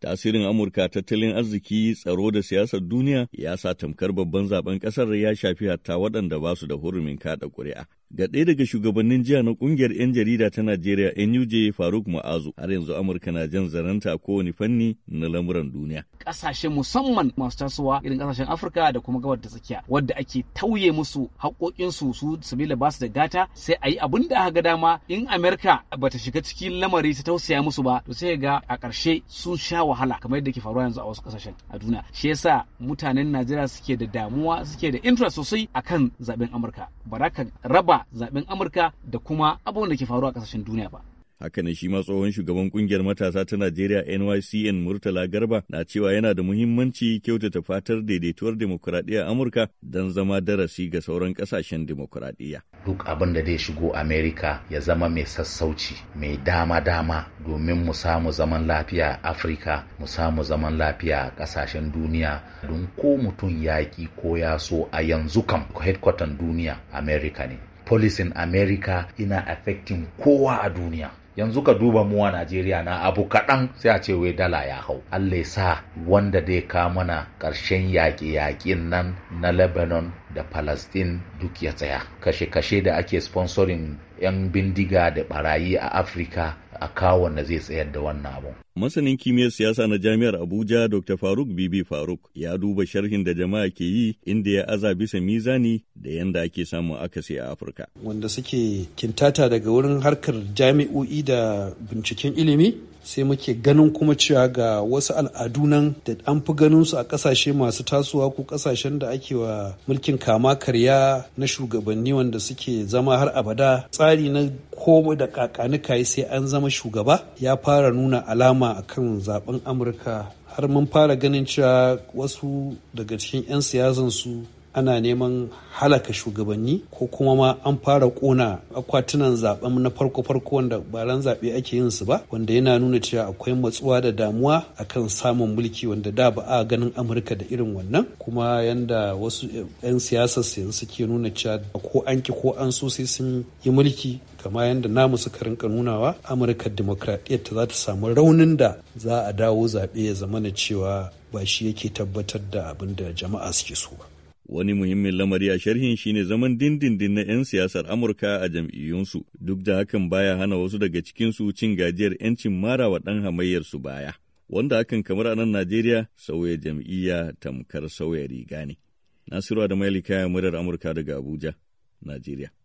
Tasirin Amurka tattalin arziki, tsaro da siyasar duniya ya sa tamkar babban zaben ƙasar ya shafi hatta waɗanda ba su da hurumin kaɗa ƙuri'a. Ga ɗaya daga shugabannin jiya na ƙungiyar 'yan jarida ta Najeriya NUJ Faruk Ma'azu har yanzu Amurka na jan zaranta a kowane fanni na lamuran duniya. Ƙasashe musamman masu tasowa irin ƙasashen Afirka da kuma gabar da tsakiya wadda ake tauye musu haƙoƙinsu su sabila ba su da gata sai a yi abin da aka ga dama in Amurka ba ta shiga cikin lamari ta tausaya musu ba to sai ga a ƙarshe sun sha wahala kamar yadda ke faruwa yanzu a wasu ƙasashen a duniya. Shi yasa mutanen Najeriya suke da damuwa suke da interest sosai akan zaben Amurka. Ba raba ba zaben Amurka da kuma abubuwan da ke faruwa a kasashen duniya ba. Haka ne shi ma tsohon shugaban kungiyar matasa ta Najeriya NYCN Murtala Garba na cewa yana da muhimmanci kyautata fatar daidaituwar demokuraɗiyya Amurka don zama darasi ga sauran ƙasashen demokuraɗiyya. Duk abin da zai shigo Amerika ya zama mai sassauci, mai dama-dama domin mu samu zaman lafiya a Afirka, mu samu zaman lafiya a ƙasashen duniya. Don ko mutum yaƙi ko ya so a yanzu kam headquarter duniya Amerika ne. policing america ina affecting kowa a duniya yanzu ka duba mu a Najeriya na abu kaɗan sai a ce wai dala ya hau. Allah sa wanda dai ka mana ƙarshen yaƙe-yaƙin nan na Lebanon da Palestine duk ya tsaya. Kashe-kashe da ake sponsoring 'yan bindiga da barayi a Afirka a kawo na zai tsayar da wannan abun. Masanin kimiyyar siyasa na Jami'ar Abuja Dr. Faruk Bibi Faruk ya duba sharhin da jama'a ke yi inda ya aza bisa mizani da yanda ake samu akasi a Afirka. Wanda suke kintata daga wurin harkar jami'o'i da binciken ilimi sai muke ganin kuma cewa ga wasu al'adu nan da an fi ganin su a kasashe masu tasowa ko kasashen da ake wa mulkin kama karya na shugabanni wanda suke zama har abada tsari na komai da kakanika sai an zama shugaba ya fara nuna alama akan zaben amurka har mun fara ganin cewa wasu daga cikin 'yan siyasansu ana neman halaka shugabanni ko kuma ma an fara kona akwatunan zaben na farko-farko wanda baran zaɓe ake yin su ba wanda yana nuna cewa akwai matsuwa da damuwa akan samun mulki wanda da ba a ganin amurka da irin wannan kuma yanda wasu 'yan siyasar yanzu suke nuna cewa ko an ki ko an so sai sun yi mulki kama yadda namu suka rinka nunawa amurka demokradiyyar ta za ta samu raunin da za a dawo zaɓe ya zamana cewa ba shi yake tabbatar da abin da jama'a suke so ba Wani muhimmin lamari a sharhin shine zaman dindindin na 'yan siyasar Amurka a jam'iyyunsu, duk da hakan baya hana wasu daga cikinsu cin gajiyar 'yancin marawa ɗan hamayyarsu baya, wanda hakan kamar a nan Najeriya sauya jam'iyya tamkar sauya riga ne. Nasiru da Mailika murar Amurka daga Abuja, Najeriya.